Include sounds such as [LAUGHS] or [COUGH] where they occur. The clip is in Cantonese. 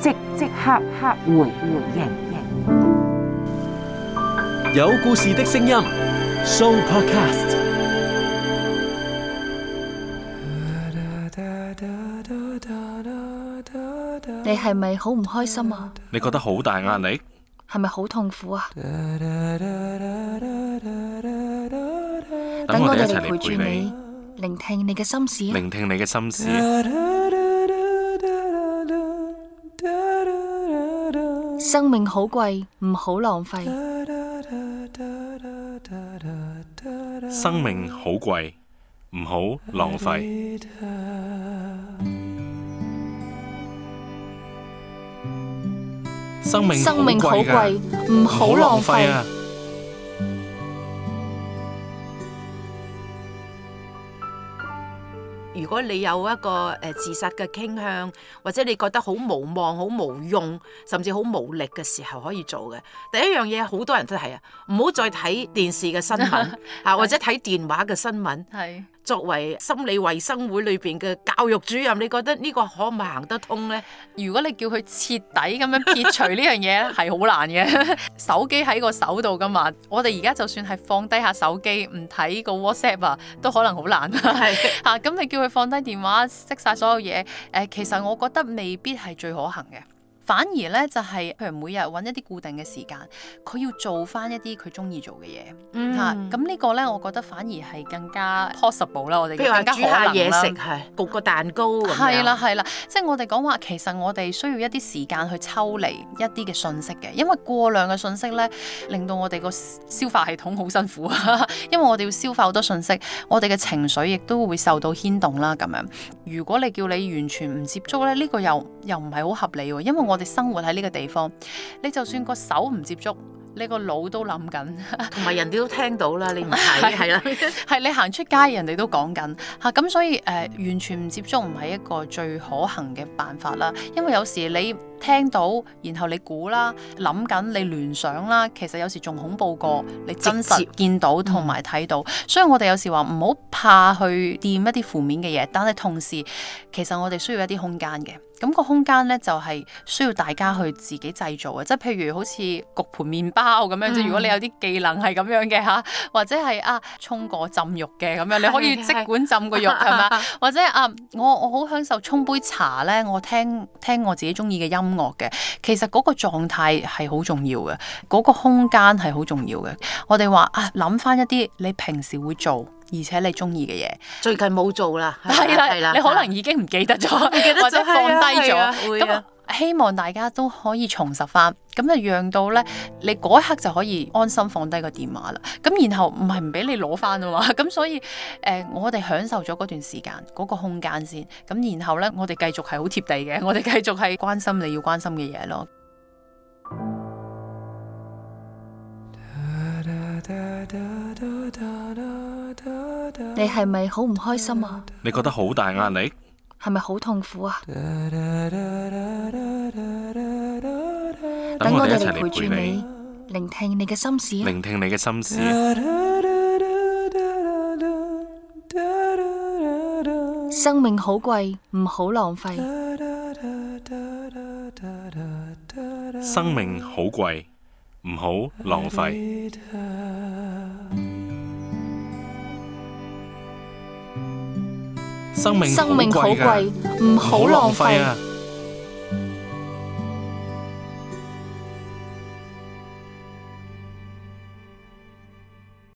即即刻刻回回應，有故事的聲音，So Podcast。你係咪好唔開心啊？你覺得好大壓力？係咪好痛苦啊？等我哋一齊嚟陪住你，聆聽你嘅心事，聆聽你嘅心事。生命好貴，唔好浪費。生命好貴，唔好浪費。生命好貴，唔好浪費。如果你有一個誒自殺嘅傾向，或者你覺得好無望、好無用，甚至好無力嘅時候，可以做嘅第一樣嘢，好多人都係啊，唔好再睇電視嘅新聞啊，或者睇電話嘅新聞。 [LAUGHS] 是作為心理衞生會裏邊嘅教育主任，你覺得呢個可唔可行得通呢？如果你叫佢徹底咁樣撇除呢樣嘢，係好 [LAUGHS] 難嘅。 [LAUGHS] 手機喺個手度㗎嘛，我哋而家就算係放低下手機，唔睇個 WhatsApp 啊，都可能好難。係啊，咁你叫佢放低電話，熄晒所有嘢，誒、呃，其實我覺得未必係最可行嘅。反而咧就係、是、譬如每日揾一啲固定嘅時間，佢要做翻一啲佢中意做嘅嘢嚇。咁、嗯這個、呢個咧，我覺得反而係更加 possible 更加可能啦。我哋譬如話煮下嘢食，係焗個蛋糕。係啦係啦，即係我哋講話，其實我哋需要一啲時間去抽離一啲嘅信息嘅，因為過量嘅信息咧，令到我哋個消化系統好辛苦啊。 [LAUGHS] 因為我哋要消化好多信息，我哋嘅情緒亦都會受到牽動啦。咁樣如果你叫你完全唔接觸咧，呢、這個又又唔係好合理喎，因為我。我哋生活喺呢個地方，你就算個手唔接觸，你個腦都諗緊，同 [LAUGHS] 埋人哋都聽到啦。你唔係係啦，係 [LAUGHS] 你行出街，人哋都講緊吓。咁、啊、所以誒、呃，完全唔接觸唔係一個最可行嘅辦法啦，因為有時你。聽到，然後你估啦，諗緊，你聯想啦，其實有時仲恐怖過你真實見到同埋睇到，嗯、所以我哋有時話唔好怕去掂一啲負面嘅嘢，但係同時其實我哋需要一啲空間嘅，咁、個空間咧就係、是、需要大家去自己製造嘅，即係譬如好似焗盤麵包咁樣啫。嗯、即如果你有啲技能係咁樣嘅嚇、啊，或者係啊，沖個浸肉嘅咁樣，是的 你可以即管浸個肉係嘛？或者啊，我我好享受沖杯茶咧，我聽聽我自己中意嘅音樂。樂嘅，其實嗰個狀態係好重要嘅，嗰個空間係好重要嘅。我哋話啊，諗翻一啲你平時會做而且你中意嘅嘢，最近冇做啦，係啦，係啦，你可能已經唔記得咗，記得、或者放低咗，咁啊。希望大家都可以重拾翻，咁就讓到咧，你嗰一刻就可以安心放低個電話啦。咁然後唔係唔俾你攞翻啊嘛。咁所以，誒、呃，我哋享受咗嗰段時間，嗰、那個空間先。咁然後咧，我哋繼續係好貼地嘅，我哋繼續係關心你要關心嘅嘢咯。你係咪好唔開心啊？你覺得好大壓力？係咪好痛苦啊？等我哋一齊嚟陪住你，聆聽你嘅心事。聆聽你嘅心事。生命好貴，唔好浪費。生命好貴，唔好浪費。生命好貴，唔好、嗯、浪費、啊。